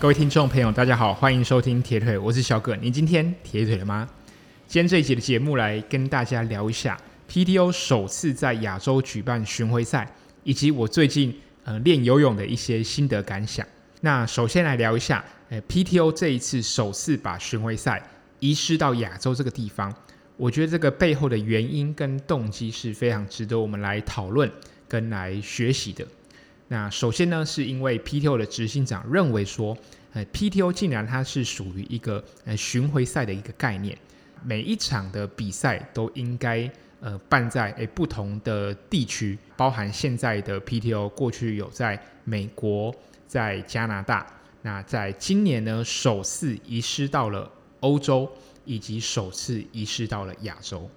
各位聽眾朋友，大家好，歡迎收聽鐵腿，我是小葛。你今天鐵腿了嗎？今天這一集的節目來跟大家聊一下 PTO 首次在亞洲舉辦巡迴賽，以及我最近呃練游泳的一些心得感想。那首先來聊一下，呃 PTO 這一次首次把巡迴賽移師到亞洲這個地方，我覺得這個背後的原因跟動機是非常值得我們來討論跟來學習的。那首先呢，是因為 PTO 的執行長認為說，呃，PTO 竟然，它是屬於一個呃巡迴賽的一個概念，每一場的比賽都應該呃辦在哎、呃、不同的地區，包含現在的 PTO 過去有在美國、在加拿大，那在今年呢首次移師到了歐洲，以及首次移師到了亞洲。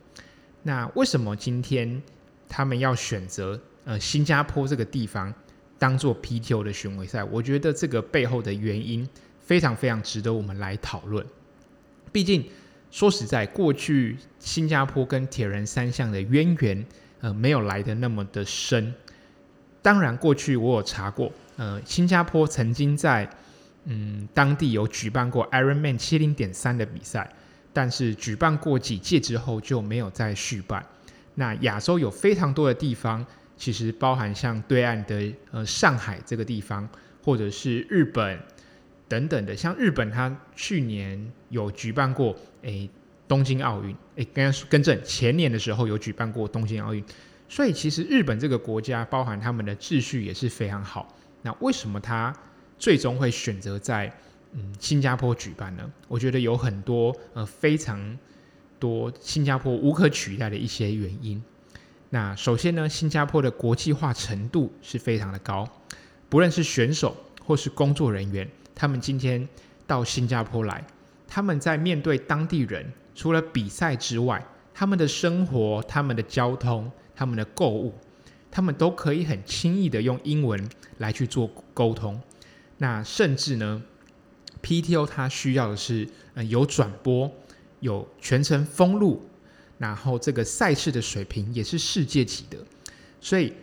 那為什麼今天他們要選擇呃新加坡這個地方？當做 P T O 的巡迴賽，我覺得這個背後的原因非常非常值得我們來討論。畢竟說實在，過去新加坡跟鐵人三項的淵源，呃，沒有來的那麼的深。當然，過去我有查過，呃，新加坡曾經在嗯當地有舉辦過 Iron Man 七零點三的比賽，但是舉辦過幾屆之後就沒有再續辦。那亞洲有非常多的地方。其實包含像對岸的呃上海這個地方，或者是日本等等的，像日本，它去年有舉辦過誒、欸、東京奧運，誒剛剛更正，前年的時候有舉辦過東京奧運，所以其實日本這個國家，包含他們的秩序也是非常好。那為什麼它最終會選擇在嗯新加坡舉辦呢？我覺得有很多呃非常多新加坡無可取代的一些原因。那首先呢，新加坡的國際化程度是非常的高，不論是選手或是工作人員，他們今天到新加坡來，他們在面對當地人，除了比賽之外，他們的生活、他們的交通、他們的購物，他們都可以很輕易的用英文來去做溝通。那甚至呢，PTO 他需要的是，嗯有轉播，有全程封路。然後這個賽事的水平也是世界級的，所以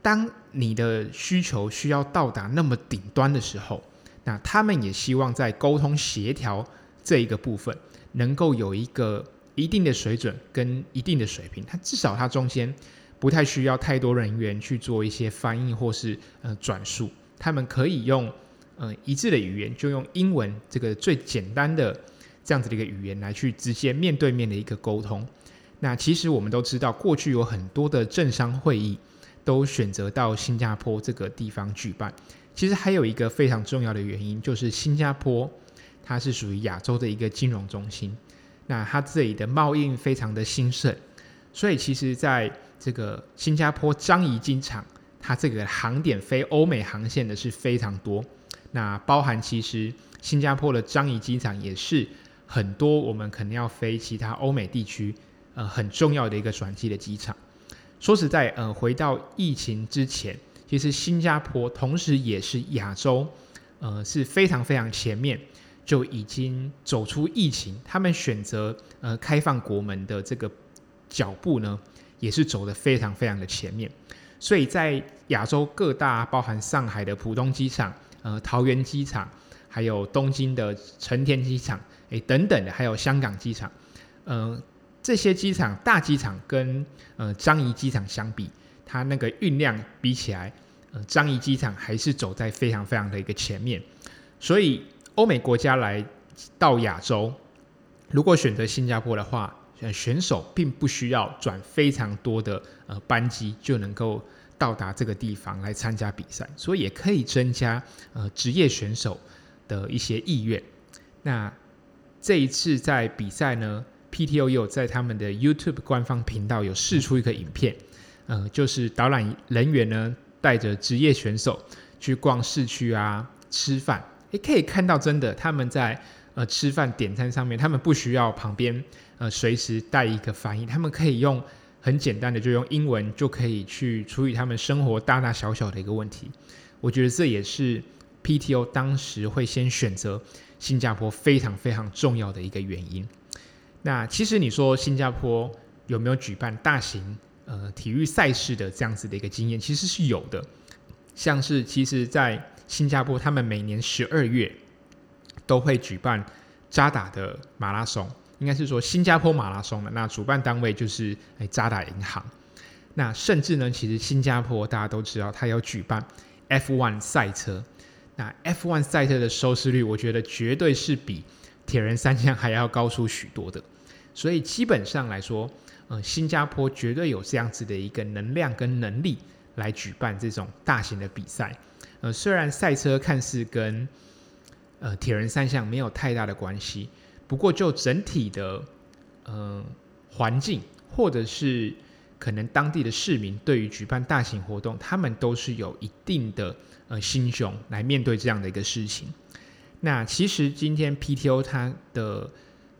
當你的需求需要到達那麼頂端的時候，那他們也希望在溝通協調這一個部分能夠有一個一定的水準跟一定的水平。他至少他中間不太需要太多人員去做一些翻譯或是呃轉述，他們可以用呃一致的語言，就用英文這個最簡單的這樣子的一個語言來去直接面對面的一個溝通。那其實我們都知道，過去有很多的政商會議都選擇到新加坡這個地方舉辦。其實還有一個非常重要的原因，就是新加坡它是屬於亞洲的一個金融中心，那它這裡的貿易非常的興盛，所以其實在這個新加坡樟宜機場，它這個航點飛歐美航線的是非常多。那包含其實新加坡的樟宜機場也是很多，我們可能要飛其他歐美地區。呃，很重要的一個轉機的機場。說實在，呃，回到疫情之前，其實新加坡同時也是亞洲，呃，是非常非常前面就已經走出疫情。他們選擇呃開放國門的這個腳步呢，也是走得非常非常的前面。所以在亞洲各大，包含上海的浦東機場、呃桃園機場，還有東京的成田機場，哎、欸、等等的，還有香港機場，嗯、呃。這些機場，大機場跟呃樟宜機場相比，它那個運量比起來，呃樟宜機場還是走在非常非常的一個前面。所以，歐美國家來到亞洲，如果選擇新加坡的話，選手並不需要轉非常多的、呃、班機就能夠到達這個地方來參加比賽，所以也可以增加呃、職業選手的一些意願。那這一次在比賽呢？PTO 有在他們的 YouTube 官方頻道有釋出一個影片，嗯，就是導覽人員呢帶着職業選手去逛市區啊、吃飯，也可以看到真的他們在呃吃飯點餐上面，他們不需要旁邊呃隨時帶一個翻譯，他們可以用很簡單的就用英文就可以去處理他們生活大大小小的一個問題。我覺得這也是 PTO 當時會先選擇新加坡非常非常重要的一個原因。那其實你說新加坡有沒有舉辦大型呃體育賽事的這樣子的一個經驗，其實是有的。像是其實，在新加坡，他們每年十二月都會舉辦渣打的馬拉松，應該是說新加坡馬拉松的，那主辦單位就是哎渣打銀行。那甚至呢，其實新加坡大家都知道，他要舉辦 F1 賽車。那 F1 賽車的收視率，我覺得絕對是比。鐵人三項還要高出許多的，所以基本上來說，呃，新加坡絕對有這樣子的一個能量跟能力來舉辦這種大型的比賽。呃，雖然賽車看似跟呃鐵人三項沒有太大的關係，不過就整體的呃環境，或者是可能當地的市民對於舉辦大型活動，他們都是有一定的呃心胸來面對這樣的一個事情。那其實今天 PTO 它的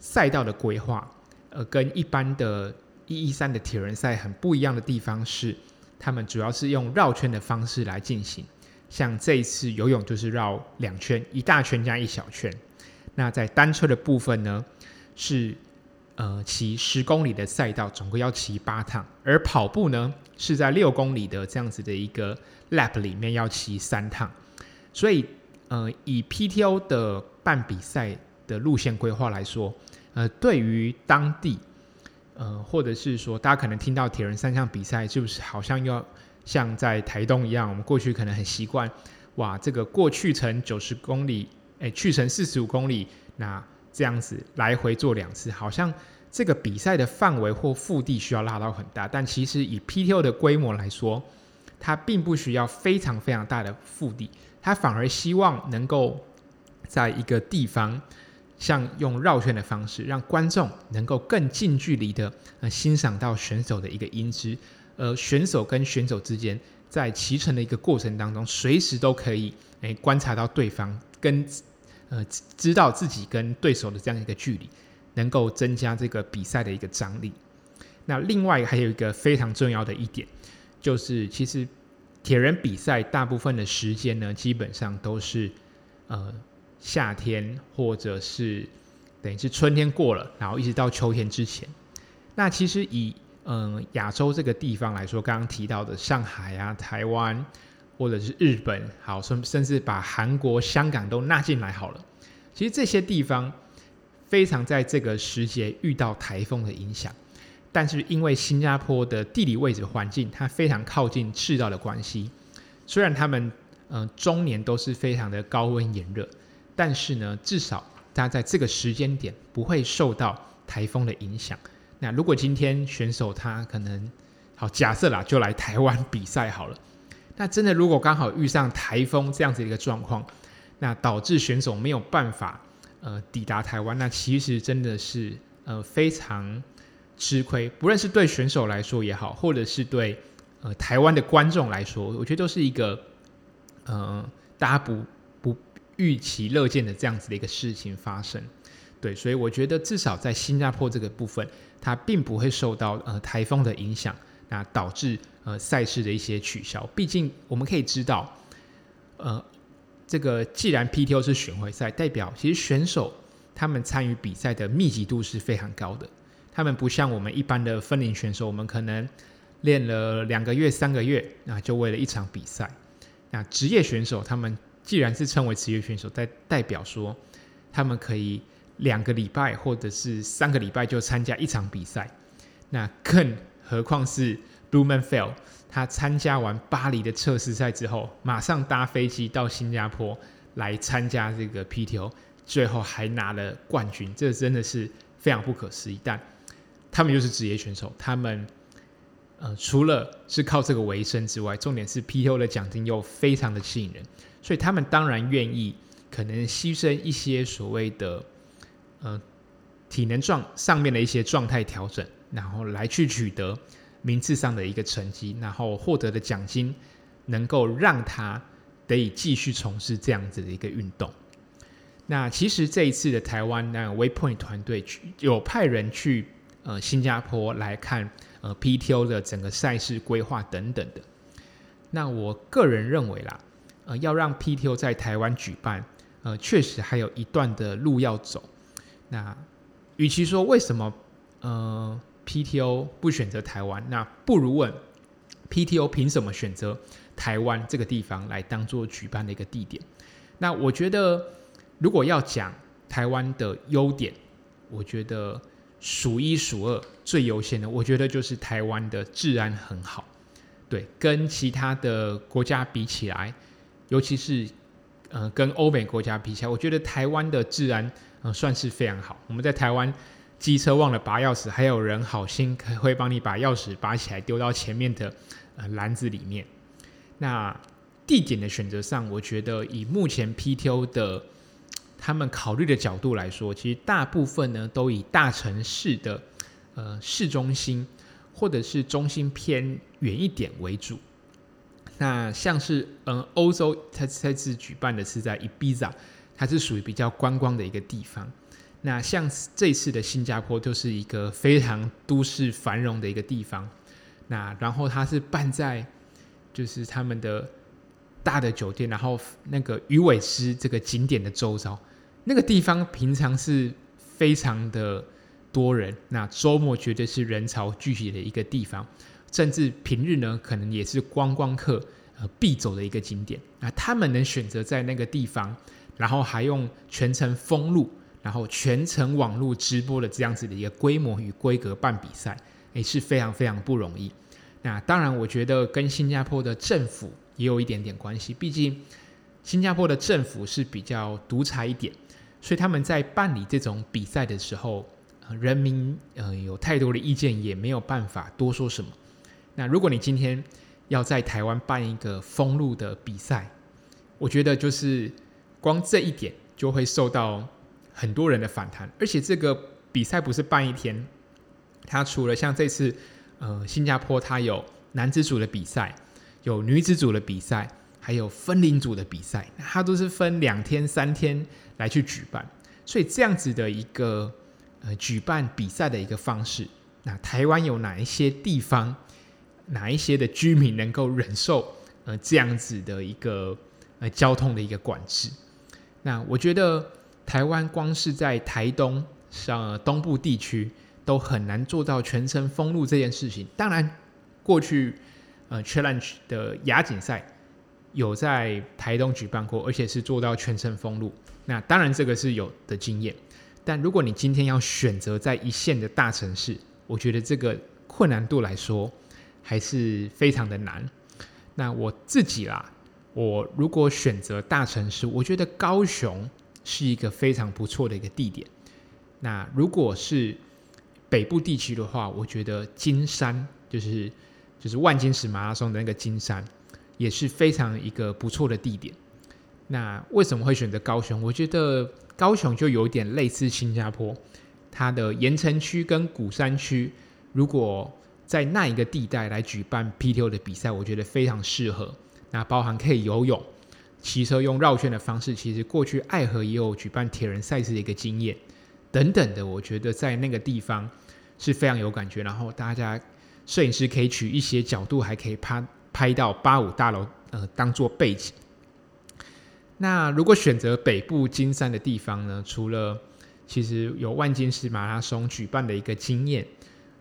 賽道的規劃，呃，跟一般的一一三的鐵人賽很不一樣的地方是，他們主要是用繞圈的方式來進行。像這一次游泳就是繞兩圈，一大圈加一小圈。那在單車的部分呢，是呃騎十公里的賽道，總共要騎八趟；而跑步呢，是在六公里的這樣子的一個 lap 裡面要騎三趟，所以。呃，以 PTO 的辦比賽的路線規劃來說，呃，對於當地，呃，或者是說大家可能聽到鐵人三項比賽，就是好像要像在台東一樣，我們過去可能很習慣，哇，這個過去程九十公里，哎、欸，去程四十五公里，那這樣子來回做兩次，好像這個比賽的範圍或腹地需要拉到很大，但其實以 PTO 的規模來說，它並不需要非常非常大的腹地。他反而希望能夠在一個地方，像用繞圈的方式，讓觀眾能夠更近距離的呃欣賞到選手的一個英姿，呃，選手跟選手之間在騎乘的一個過程當中，隨時都可以誒、欸、觀察到對方跟呃知道自己跟對手的這樣一個距離，能夠增加這個比賽的一個張力。那另外還有一個非常重要的一點，就是其實。鐵人比賽大部分的時間呢，基本上都是，呃，夏天或者是等於是春天過了，然後一直到秋天之前。那其實以嗯亞洲這個地方來說，剛剛提到的上海啊、台灣或者是日本，好甚甚至把韓國、香港都納進來好了。其實這些地方非常在這個時節遇到台風的影響。但是因為新加坡的地理位置環境，它非常靠近赤道的關係，雖然他們嗯、呃，終年都是非常的高溫炎熱，但是呢，至少他在這個時間點不會受到台風的影響。那如果今天選手他可能好假設啦，就來台灣比賽好了。那真的如果剛好遇上台風這樣子一個狀況，那導致選手沒有辦法呃抵達台灣，那其實真的是呃非常。吃虧，不論是對選手來說也好，或者是對呃台灣的觀眾來說，我覺得都是一個嗯、呃、大家不不預期樂見的這樣子的一個事情發生。對，所以我覺得至少在新加坡這個部分，它並不會受到呃台風的影響，那、啊、導致呃賽事的一些取消。畢竟我們可以知道，呃，這個既然 PTO 是巡迴賽，代表其實選手他們參與比賽的密集度是非常高的。他們不像我們一般的分齡選手，我們可能練了兩個月、三個月，那就為了一場比賽。那職業選手，他們既然是稱為職業選手，代代表說他們可以兩個禮拜或者是三個禮拜就參加一場比賽。那更何況是 Blummenfelt，他參加完巴黎的測試賽之後，馬上搭飛機到新加坡來參加這個 PTO，最後還拿了冠軍，這真的是非常不可思議，但。他們就是職業選手，他們，呃，除了是靠這個為生之外，重點是 PTO 的獎金又非常的吸引人，所以他們當然願意可能犧牲一些所謂的，呃，體能狀上面的一些狀態調整，然後來去取得名次上的一個成績，然後獲得的獎金能夠讓他得以繼續從事這樣子的一個運動。那其實這一次的台灣那微 Waypoint 團隊去有派人去，呃，新加坡來看，呃，PTO 的整個賽事規劃等等的。那我個人認為啦，呃，要讓 PTO 在台灣舉辦，呃，確實還有一段的路要走。那與其說為什麼呃 PTO 不選擇台灣，那不如問 PTO 憑什麼選擇台灣這個地方來當做舉辦的一個地點？那我覺得，如果要講台灣的優點，我覺得。數一數二最優先的，我覺得就是台灣的治安很好，對，跟其他的國家比起來，尤其是呃跟歐美國家比起來，我覺得台灣的治安呃算是非常好。我們在台灣機車忘了拔鑰匙，還有人好心會幫你把鑰匙拔起來丟到前面的呃籃子裡面。那地點的選擇上，我覺得以目前 PTO 的。他們考慮的角度來說，其實大部分呢都以大城市的，呃市中心或者是中心偏遠一點為主。那像是嗯歐洲，它這次舉辦的是在 Ibiza，它是屬於比較觀光的一個地方。那像這次的新加坡就是一個非常都市繁榮的一個地方。那然後它是辦在就是他們的。大的酒店，然後那個魚尾獅這個景點的周遭，那個地方平常是非常的多人，那周末絕對是人潮聚集的一個地方，甚至平日呢，可能也是觀光客呃必走的一個景點。那他們能選擇在那個地方，然後還用全程封路，然後全程網絡直播的這樣子的一個規模與規格辦比賽，也是非常非常不容易。那當然，我覺得跟新加坡的政府也有一點點關係，畢竟新加坡的政府是比較獨裁一點，所以他們在辦理這種比賽的時候，呃，人民呃有太多的意見，也沒有辦法多說什麼。那如果你今天要在台灣辦一個封路的比賽，我覺得就是光這一點就會受到很多人的反彈，而且這個比賽不是辦一天，它除了像這次呃新加坡，它有男子組的比賽。有女子組的比賽，還有分齡組的比賽，它都是分兩天、三天來去舉辦。所以這樣子的一個、呃、舉辦比賽的一個方式，那台灣有哪一些地方，哪一些的居民能夠忍受、呃、這樣子的一個、呃、交通的一個管制？那我覺得台灣光是在台東，像、呃、東部地區，都很難做到全程封路這件事情。當然過去。呃，Challenge 的亞錦賽有在台東舉辦過，而且是做到全程封路。那當然，這個是有的經驗。但如果你今天要選擇在一線的大城市，我覺得這個困難度來說還是非常的難。那我自己啦，我如果選擇大城市，我覺得高雄是一個非常不錯的一個地點。那如果是北部地區的話，我覺得金山就是。就是萬金石馬拉松的那個金山，也是非常一個不錯的地點。那為什麼會選擇高雄？我覺得高雄就有點類似新加坡，它的鹽埕區跟鼓山區，如果在那一個地帶來舉辦 PTO 的比賽，我覺得非常適合。那包含可以游泳、騎車用繞圈的方式，其實過去愛河也有舉辦鐵人賽事的一個經驗等等的。我覺得在那個地方是非常有感覺，然後大家。攝影師可以取一些角度，還可以拍拍到八五大樓，呃，當做背景。那如果選擇北部金山的地方呢？除了其實有萬金石馬拉松舉辦的一個經驗，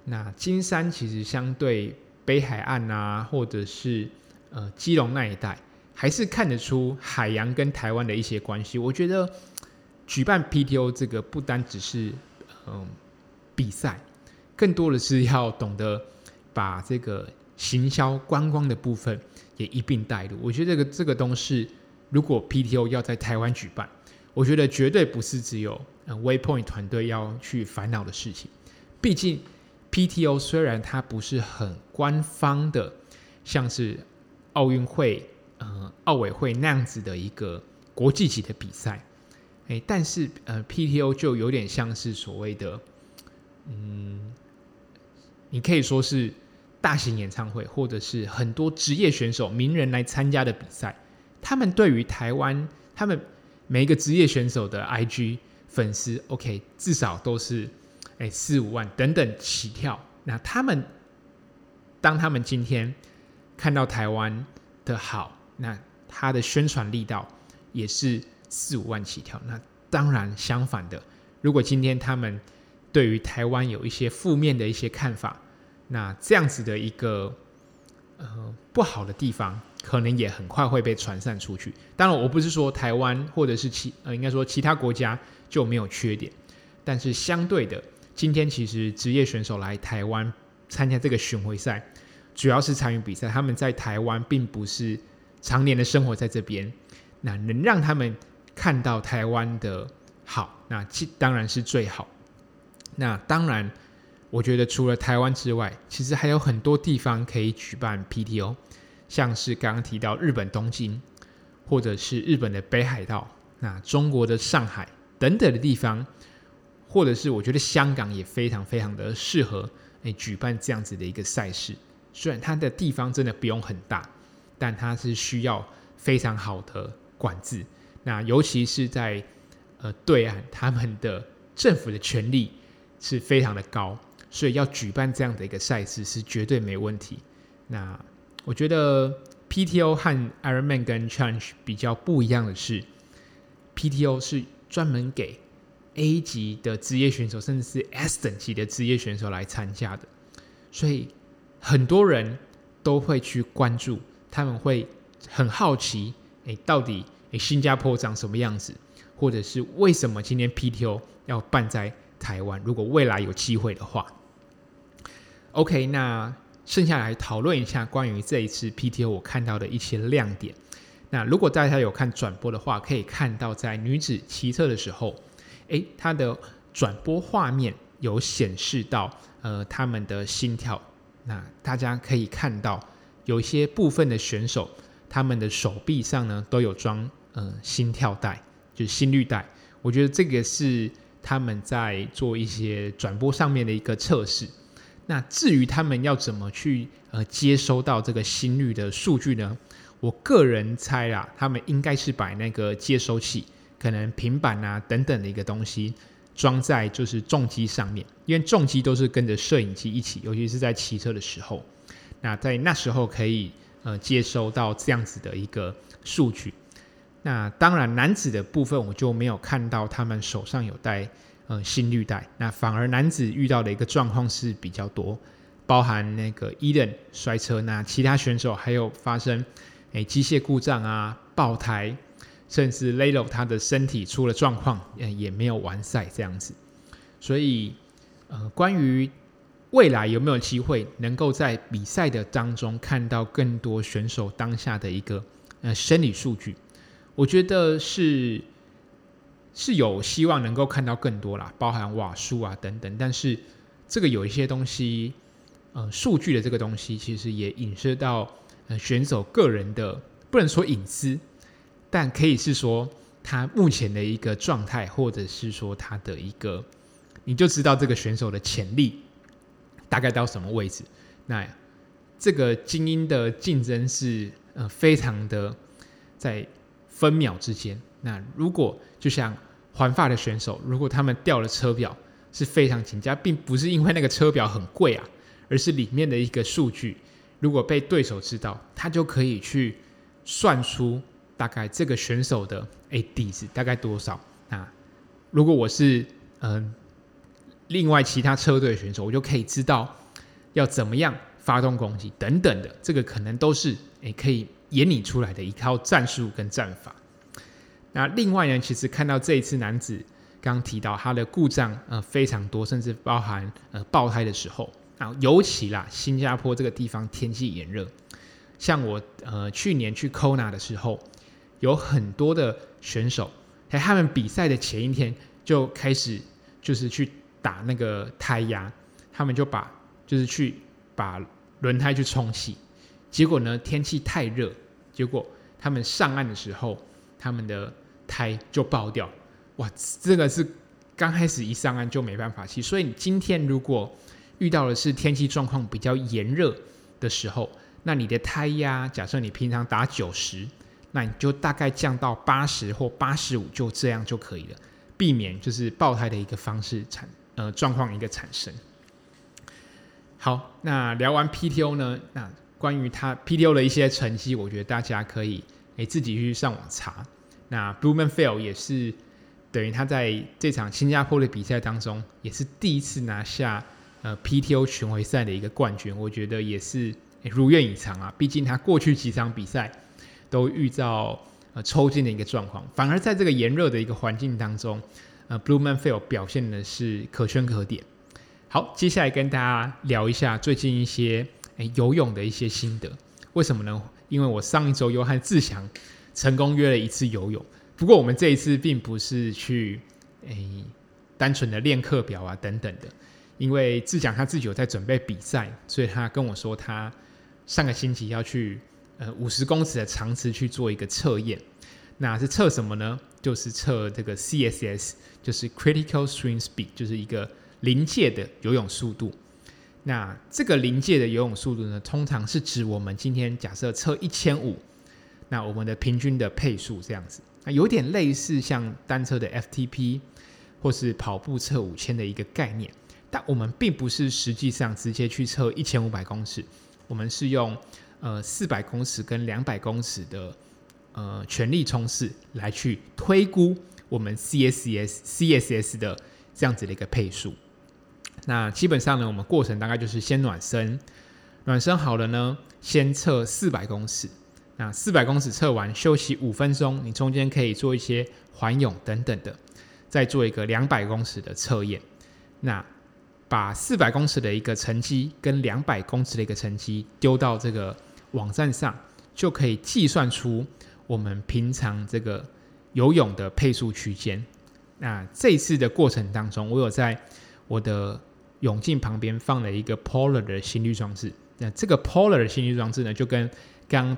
那金山其實相對北海岸啊，或者是呃基隆那一帶，還是看得出海洋跟台灣的一些關係。我覺得舉辦 PTO 這個不單只是嗯、呃、比賽，更多的是要懂得。把這個行銷觀光的部分也一併帶入。我覺得這個這個東西，如果 PTO 要在台灣舉辦，我覺得絕對不是只有嗯 Waypoint 團隊要去煩惱的事情。畢竟 PTO 雖然它不是很官方的，像是奧運會、嗯奧委會那樣子的一個國際級的比賽，哎，但是呃 PTO 就有點像是所謂的，嗯，你可以說是。大型演唱會，或者是很多職業選手、名人來參加的比賽，他們對於台灣，他們每一個職業選手的 IG 粉絲，OK，至少都是哎四五萬等等起跳。那他們當他們今天看到台灣的好，那他的宣傳力道也是四五萬起跳。那當然相反的，如果今天他們對於台灣有一些負面的一些看法。那這樣子的一個呃不好的地方，可能也很快會被傳散出去。當然，我不是說台灣或者是其呃，應該說其他國家就沒有缺點。但是相對的，今天其實職業選手來台灣參加這個巡迴賽，主要是參與比賽。他們在台灣並不是常年的生活在這邊，那能讓他們看到台灣的好，那當然是最好。那當然。我覺得除了台灣之外，其實還有很多地方可以舉辦 PTO，像是剛剛提到日本東京，或者是日本的北海道，那中國的上海等等的地方，或者是我覺得香港也非常非常的適合哎、欸、舉辦這樣子的一個賽事。雖然它的地方真的不用很大，但它是需要非常好的管制。那尤其是在呃對岸，他們的政府的權力是非常的高。所以要舉辦這樣的一個賽事是絕對沒問題。那我覺得 PTO 和 Ironman 跟 Change 比較不一樣的是，PTO 是專門給 A 級的職業選手，甚至是 S 等級的職業選手來參加的。所以很多人都會去關注，他們會很好奇，誒，到底誒、欸、新加坡長什麼樣子，或者是為什麼今天 PTO 要辦在台灣？如果未來有機會的話。OK，那剩下來討論一下關於這一次 PTO 我看到的一些亮點。那如果大家有看轉播的話，可以看到在女子騎車的時候，誒、欸，她的轉播畫面有顯示到呃他們的心跳。那大家可以看到有一些部分的選手，他們的手臂上呢都有裝呃心跳帶，就是心率帶。我覺得這個是他們在做一些轉播上面的一個測試。那至於他們要怎麼去呃接收到這個心率的數據呢？我個人猜啦，他們應該是把那個接收器，可能平板吶、啊、等等的一個東西裝在就是重機上面，因為重機都是跟着攝影機一起，尤其是在騎車的時候，那在那時候可以呃接收到這樣子的一個數據。那當然男子的部分我就沒有看到他們手上有帶。呃，心率帶，那反而男子遇到的一個狀況是比較多，包含那個伊頓摔車，那其他選手還有發生誒機、欸、械故障啊、爆胎，甚至 Lelo 他的身體出了狀況、呃，也沒有完賽這樣子。所以，呃，關於未來有沒有機會能夠在比賽的當中看到更多選手當下的一個呃生理數據，我覺得是。是有希望能夠看到更多啦，包含瓦數啊等等，但是這個有一些東西，呃，數據的這個東西其實也影射到，呃，選手個人的，不能說隱私，但可以是說他目前的一個狀態，或者是說他的一個，你就知道這個選手的潛力大概到什麼位置。那這個精英的競爭是呃非常的在分秒之間。那如果就像，環法的選手，如果他們掉了車表，是非常緊張，並不是因為那個車表很貴啊，而是裡面的一個數據，如果被對手知道，他就可以去算出大概這個選手的 AD、欸、底子大概多少。啊。如果我是嗯、呃，另外其他車隊選手，我就可以知道要怎麼樣發動攻擊等等的，這個可能都是哎、欸、可以演擬出來的一套戰術跟戰法。那另外呢，其實看到這一次男子剛提到他的故障，呃，非常多，甚至包含呃爆胎的時候，啊，尤其啦，新加坡這個地方天氣炎熱，像我呃去年去 Kona 的時候，有很多的選手在他們比賽的前一天就開始就是去打那個胎壓，他們就把就是去把輪胎去充氣，結果呢天氣太熱，結果他們上岸的時候，他們的胎就爆掉，哇！這個是剛開始一上岸就沒辦法騎。所以你今天如果遇到的是天氣狀況比較炎熱的時候，那你的胎壓、啊，假設你平常打九十，那你就大概降到八十或八十五，就這樣就可以了，避免就是爆胎的一個方式產呃狀況一個產生。好，那聊完 PTO 呢？那關於它 PTO 的一些成績，我覺得大家可以誒、欸、自己去上網查。那 Blummenfelt 也是等於他在這場新加坡的比賽當中，也是第一次拿下呃 PTO 巡迴賽的一個冠軍，我覺得也是如願以償啊！畢竟他過去幾場比賽都遇到呃抽筋的一個狀況，反而在這個炎熱的一個環境當中，呃，Blummenfelt 表現的是可圈可點。好，接下來跟大家聊一下最近一些誒游泳的一些心得。為什麼呢？因為我上一周又和志祥。成功約了一次游泳，不過我們這一次並不是去誒、欸、單純的練課表啊等等的，因為志講他自己有在準備比賽，所以他跟我說他上個星期要去呃五十公尺的長池去做一個測驗，那是測什麼呢？就是測這個 CSS，就是 Critical Swim Speed，就是一個臨界的游泳速度。那這個臨界的游泳速度呢，通常是指我們今天假設測一千五。那我們的平均的配速這樣子，那有點類似像單車的 FTP 或是跑步測五千的一個概念，但我們並不是實際上直接去測一千五百公尺，我們是用呃四百公尺跟兩百公尺的呃全力衝刺來去推估我們 CSS CSS 的這樣子的一個配速。那基本上呢，我們過程大概就是先暖身，暖身好了呢，先測四百公尺。那四百公尺測完休息五分鐘，你中間可以做一些環泳等等的，再做一個兩百公尺的測驗。那把四百公尺的一個成績跟兩百公尺的一個成績丟到這個網站上，就可以計算出我們平常這個游泳的配速區間。那這次的過程當中，我有在我的泳鏡旁邊放了一個 Polar 的心率裝置。那這個 Polar 的心率裝置呢，就跟剛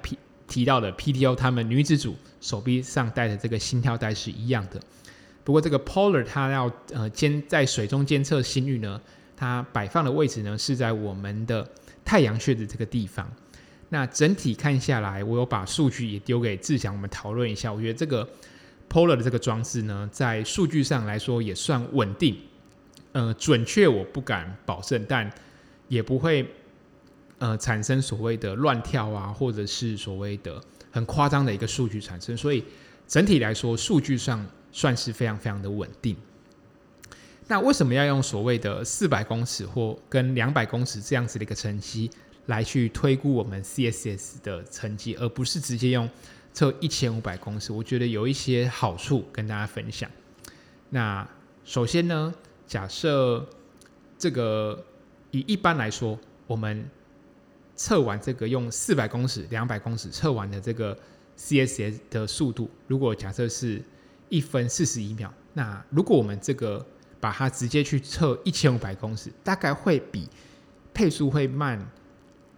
提到的 PTO 他們女子組手臂上戴的這個心跳帶是一樣的，不過這個 Polar 它要呃監在水中監測心率呢，它擺放的位置呢是在我們的太陽穴的這個地方。那整體看下來，我有把數據也丟給志祥，我們討論一下。我覺得這個 Polar 的這個裝置呢，在數據上來說也算穩定，呃，準確我不敢保證，但也不會。呃，產生所謂的亂跳啊，或者是所謂的很誇張的一個數據產生，所以整體來說，數據上算是非常非常的穩定。那為什麼要用所謂的四百公尺或跟兩百公尺這樣子的一個成績來去推估我們 CSS 的成績，而不是直接用測一千五百公尺？我覺得有一些好處跟大家分享。那首先呢，假設這個以一般來說我們測完這個用四百公尺、兩百公尺測完的這個 CSS 的速度，如果假設是一分四十一秒，那如果我們這個把它直接去測一千五百公尺，大概會比配速會慢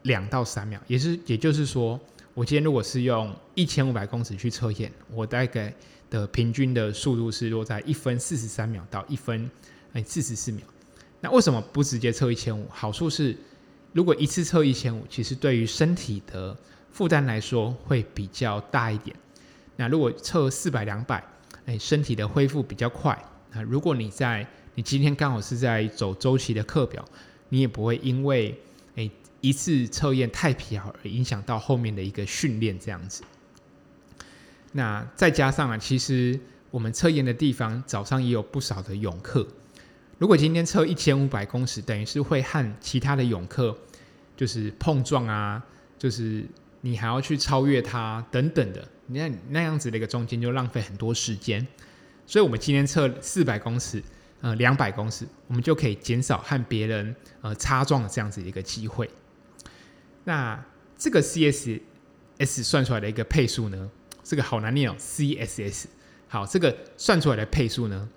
兩到三秒，也是也就是說，我今天如果是用一千五百公尺去測驗，我大概的平均的速度是落在一分四十三秒到一分哎四十四秒。那為什麼不直接測一千五？好處是。如果一次測一千五，其實對於身體的負擔來說會比較大一點。那如果測四百、兩百，哎，身體的恢復比較快。那如果你在你今天剛好是在走週期的課表，你也不會因為哎一次測驗太疲勞而影響到後面的一個訓練這樣子。那再加上啊，其實我們測驗的地方早上也有不少的泳客。如果今天測一千五百公尺，等於是會和其他的泳客就是碰撞啊，就是你還要去超越他等等的，你看那樣子的一個中間就浪費很多時間。所以我們今天測四百公尺，呃，兩百公尺，我們就可以減少和別人呃擦撞的這樣子的一個機會。那這個 CSS 算出來的一個配速呢，這個好難念哦，CSS。好，這個算出來的配速呢？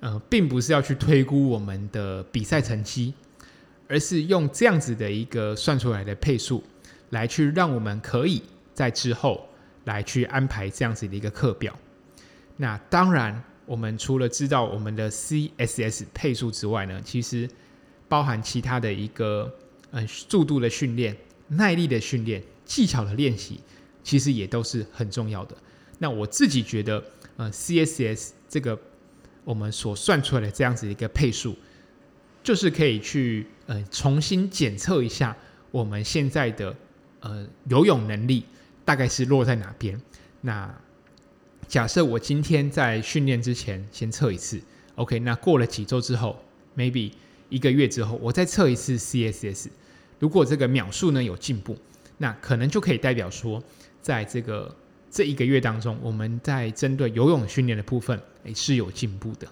呃，並不是要去推估我們的比賽成績，而是用這樣子的一個算出來的配速，來去讓我們可以在之後來去安排這樣子的一個課表。那當然，我們除了知道我們的 CSS 配速之外呢，其實包含其他的一個呃速度的訓練、耐力的訓練、技巧的練習，其實也都是很重要的。那我自己覺得，呃，CSS 這個。我們所算出來的這樣子一個配速，就是可以去呃重新檢測一下我們現在的呃游泳能力大概是落在哪邊。那假設我今天在訓練之前先測一次，OK，那過了幾周之後，maybe 一個月之後，我再測一次 CSS。如果這個秒數呢有進步，那可能就可以代表說，在這個這一個月當中，我們在針對游泳訓練的部分。是有進步的。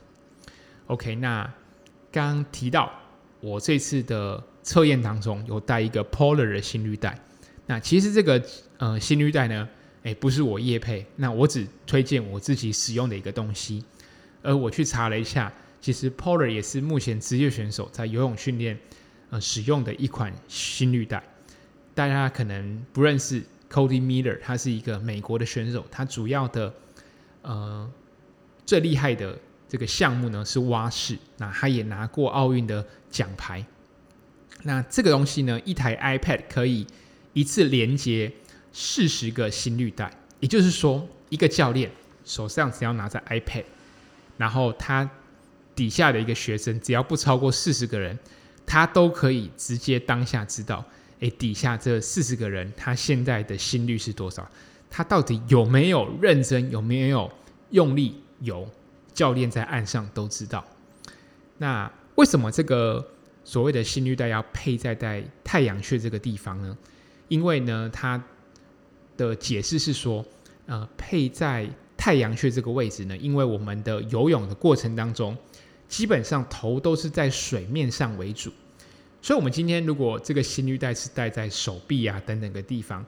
OK，那剛提到我這次的測驗當中有帶一個 Polar 的心率帶，那其實這個呃心率帶呢，誒、欸、不是我業配，那我只推薦我自己使用的一個東西。而我去查了一下，其實 Polar 也是目前職業選手在游泳訓練呃使用的一款心率帶。大家可能不認識 Cody Miller，他是一個美國的選手，他主要的呃。最厲害的這個項目呢是蛙式，那他也拿過奧運的獎牌。那這個東西呢，一台 iPad 可以一次連接四十個心率帶，也就是說，一個教練手上只要拿着 iPad，然後他底下的一個學生只要不超過四十個人，他都可以直接當下知道，誒、欸，底下這四十個人他現在的心率是多少？他到底有沒有認真，有沒有用力？有教練在岸上都知道，那為什麼這個所謂的心率帶要佩戴在太陽穴這個地方呢？因為呢，它的解釋是說，呃，配在太陽穴這個位置呢，因為我們的游泳的過程當中，基本上頭都是在水面上為主，所以我們今天如果這個心率帶是戴在手臂啊等等個地方，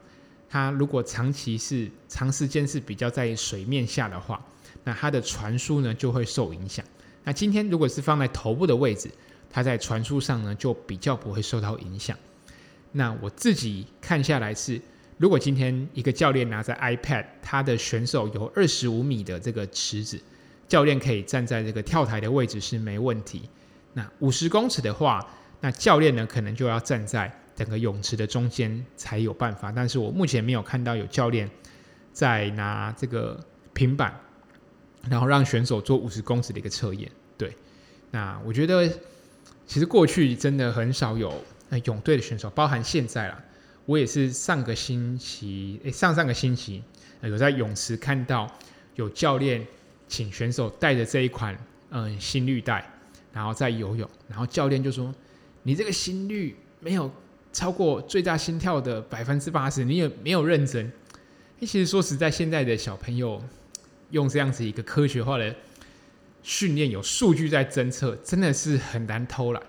它如果長期是長時間是比較在水面下的話。那它的傳輸呢，就會受影響。那今天如果是放在頭部的位置，它在傳輸上呢，就比較不會受到影響。那我自己看下來是，如果今天一個教練拿着 iPad，他的選手有二十五米的這個池子，教練可以站在這個跳台的位置是沒問題。那五十公尺的話，那教練呢，可能就要站在整個泳池的中間才有辦法。但是我目前沒有看到有教練在拿這個平板。然後讓選手做五十公尺的一個測驗。對，那我覺得其實過去真的很少有泳隊的選手，包含現在啦。我也是上個星期，誒上上個星期有在泳池看到有教練請選手帶着這一款嗯心率帶，然後在游泳。然後教練就說：“你這個心率沒有超過最大心跳的百分之八十，你有沒有認真？”其實說實在，現在的小朋友。用這樣子一個科學化的訓練，有數據在偵測，真的是很難偷懶。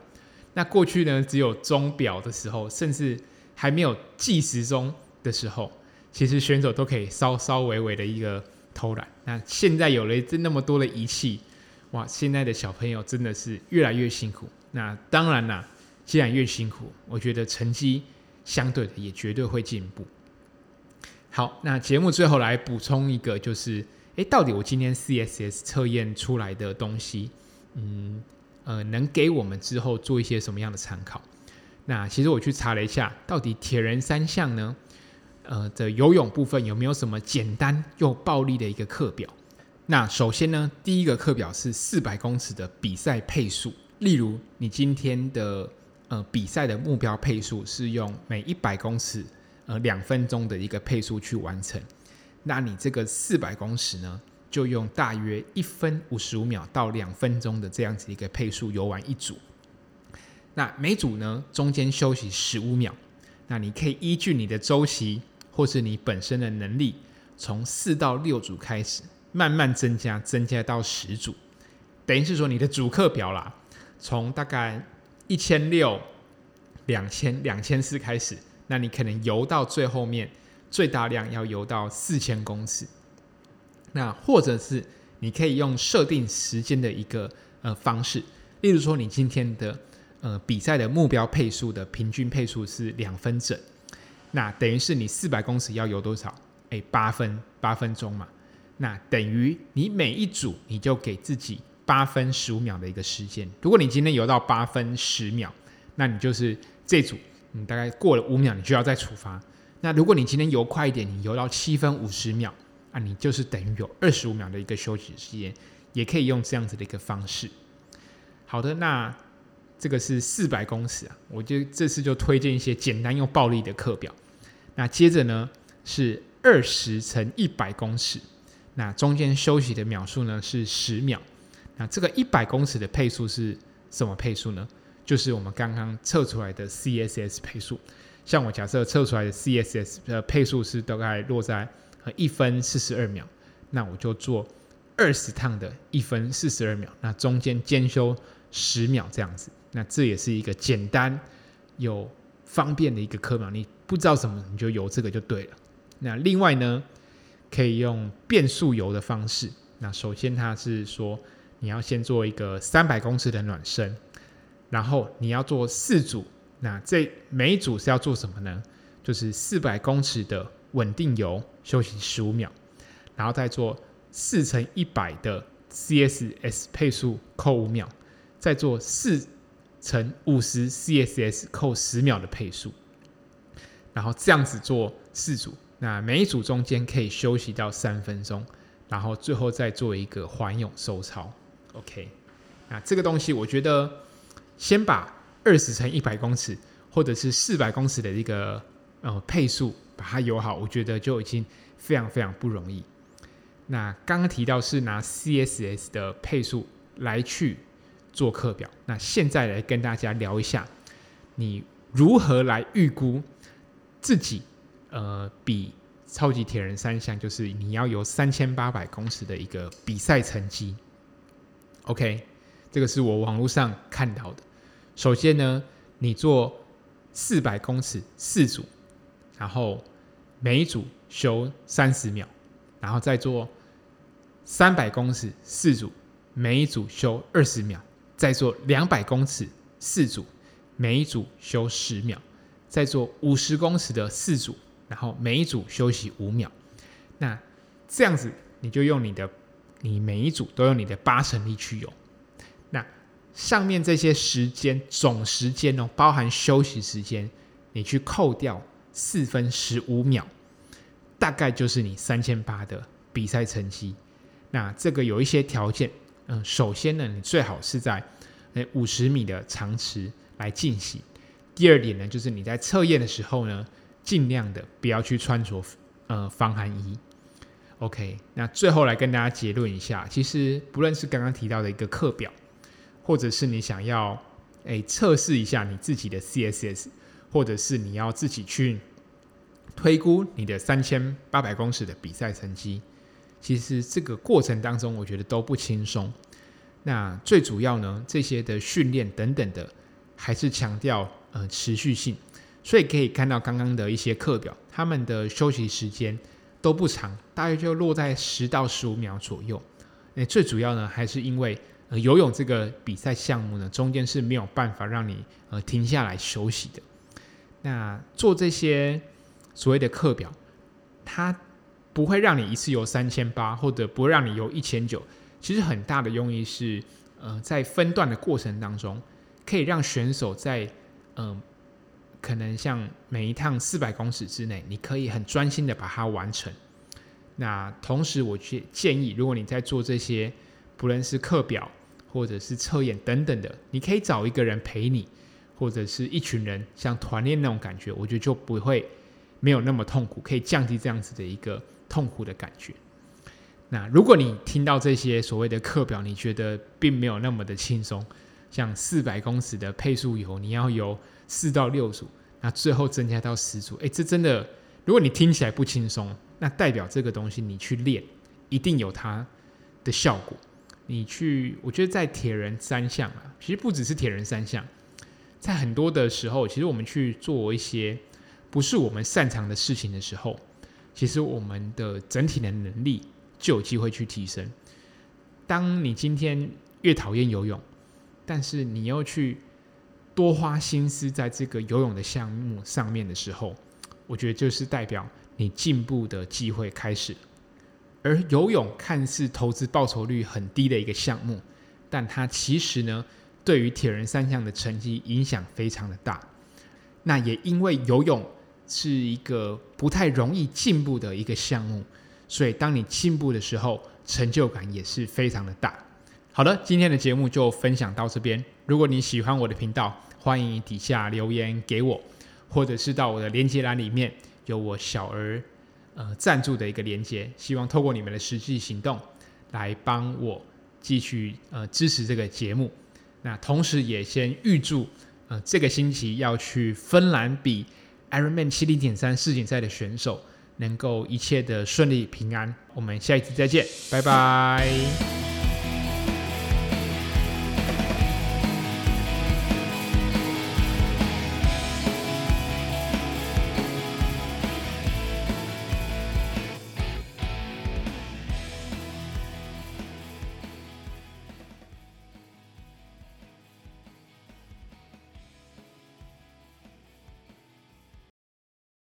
那過去呢，只有鐘錶的時候，甚至還沒有計時鐘的時候，其實選手都可以稍稍微微的一個偷懶。那現在有了這那麼多的儀器，哇！現在的小朋友真的是越來越辛苦。那當然啦、啊，既然越辛苦，我覺得成績相對的也絕對會進步。好，那節目最後來補充一個，就是。誒，到底我今天 CSS 測驗出來的東西，嗯，呃，能給我們之後做一些什麼樣的參考？那其實我去查了一下，到底鐵人三項呢，呃，的游泳部分有沒有什麼簡單又暴力的一個課表？那首先呢，第一個課表是四百公尺的比賽配速，例如你今天的呃比賽的目標配速是用每一百公尺呃兩分鐘的一個配速去完成。那你這個四百公尺呢，就用大約一分五十五秒到兩分鐘的這樣子一個配速游完一組。那每組呢，中間休息十五秒。那你可以依據你的周期或是你本身的能力，從四到六組開始，慢慢增加，增加到十組。等於是說你的主課表啦，從大概一千六、兩千、兩千四開始，那你可能游到最後面。最大量要游到四千公尺，那或者是你可以用設定時間的一個呃方式，例如說你今天的呃比賽的目標配速的平均配速是兩分整，那等於是你四百公尺要游多少？誒、欸、八分八分鐘嘛，那等於你每一組你就給自己八分十五秒的一個時間。如果你今天游到八分十秒，那你就是這組你大概過了五秒，你就要再出發。那如果你今天游快一點，你游到七分五十秒，那、啊、你就是等於有二十五秒的一個休息時間，也可以用這樣子的一個方式。好的，那這個是四百公尺啊，我就這次就推薦一些簡單又暴力的課表。那接着呢是二十乘一百公尺，那中間休息的秒數呢是十秒。那這個一百公尺的配速是什麼配速呢？就是我們剛剛測出來的 CSS 配速。像我假設測出來的 CSS 的、呃、配速是大概落在一分四十二秒，那我就做二十趟的一分四十二秒，那中間間休十秒這樣子，那這也是一個簡單又方便的一個科秒。你不知道什麼，你就游這個就對了。那另外呢，可以用變速游的方式。那首先它是說，你要先做一個三百公尺的暖身，然後你要做四組。那這每一組是要做什麼呢？就是四百公尺的穩定游，休息十五秒，然後再做四乘一百的 CSS 配速，扣五秒，再做四乘五十 CSS 扣十秒的配速，然後這樣子做四組。那每一組中間可以休息到三分鐘，然後最後再做一個環泳收操。OK，那這個東西我覺得先把。二十乘一百公尺，或者是四百公尺的一個呃配速，把它游好，我覺得就已經非常非常不容易。那剛剛提到是拿 CSS 的配速來去做課表，那現在來跟大家聊一下，你如何來預估自己呃比超級鐵人三項，就是你要游三千八百公尺的一個比賽成績。OK，這個是我網絡上看到的。首先呢，你做四百公尺四組，然後每一組休三十秒，然後再做三百公尺四組，每一組休二十秒，再做兩百公尺四組，每一組休十秒，再做五十公尺的四組，然後每一組休息五秒。那這樣子，你就用你的，你每一組都用你的八成力去游。上面這些時間，總時間哦，包含休息時間，你去扣掉四分十五秒，大概就是你三千八的比賽成績。那這個有一些條件，嗯，首先呢，你最好是在哎五十米的長池來進行。第二點呢，就是你在測驗的時候呢，盡量的不要去穿着呃防寒衣。OK，那最後來跟大家結論一下，其實不論是剛剛提到的一個課表。或者是你想要誒測試一下你自己的 CSS，或者是你要自己去推估你的三千八百公尺的比賽成績，其實這個過程當中我覺得都不輕鬆。那最主要呢，這些的訓練等等的，還是強調呃持續性。所以可以看到剛剛的一些課表，他們的休息時間都不長，大約就落在十到十五秒左右。那、欸、最主要呢，還是因為。呃，游泳這個比賽項目呢，中間是沒有辦法讓你呃停下來休息的。那做這些所謂的課表，它不會讓你一次游三千八，或者不會讓你游一千九。其實很大的用意是，呃，在分段的過程當中，可以讓選手在呃，可能像每一趟四百公尺之內，你可以很專心的把它完成。那同時，我建建議，如果你在做這些。不論是課表或者是測驗等等的，你可以找一個人陪你，或者是一群人，像團練那種感覺，我覺得就不會沒有那麼痛苦，可以降低這樣子的一個痛苦的感覺。那如果你聽到這些所謂的課表，你覺得並沒有那麼的輕鬆，像四百公尺的配速游，你要有四到六組，那最後增加到十組，哎、欸，這真的，如果你聽起來不輕鬆，那代表這個東西你去練一定有它的效果。你去，我覺得在鐵人三項啊，其實不只是鐵人三項，在很多的時候，其實我們去做一些不是我們擅長的事情的時候，其實我們的整體的能力就有機會去提升。當你今天越討厭游泳，但是你要去多花心思在這個游泳的項目上面的時候，我覺得就是代表你進步的機會開始。而游泳看似投資報酬率很低的一個項目，但它其實呢，對於鐵人三項的成績影響非常的大。那也因為游泳是一個不太容易進步的一個項目，所以當你進步的時候，成就感也是非常的大。好了，今天的節目就分享到這邊。如果你喜歡我的頻道，歡迎底下留言給我，或者是到我的鏈接欄裡面有我小兒。呃，贊助的一個連接，希望透過你們的實際行動，來幫我繼續呃支持這個節目。那同時也先預祝呃這個星期要去芬蘭比 Ironman 七零點三世錦賽的選手能夠一切的順利平安。我們下一次再見，拜拜。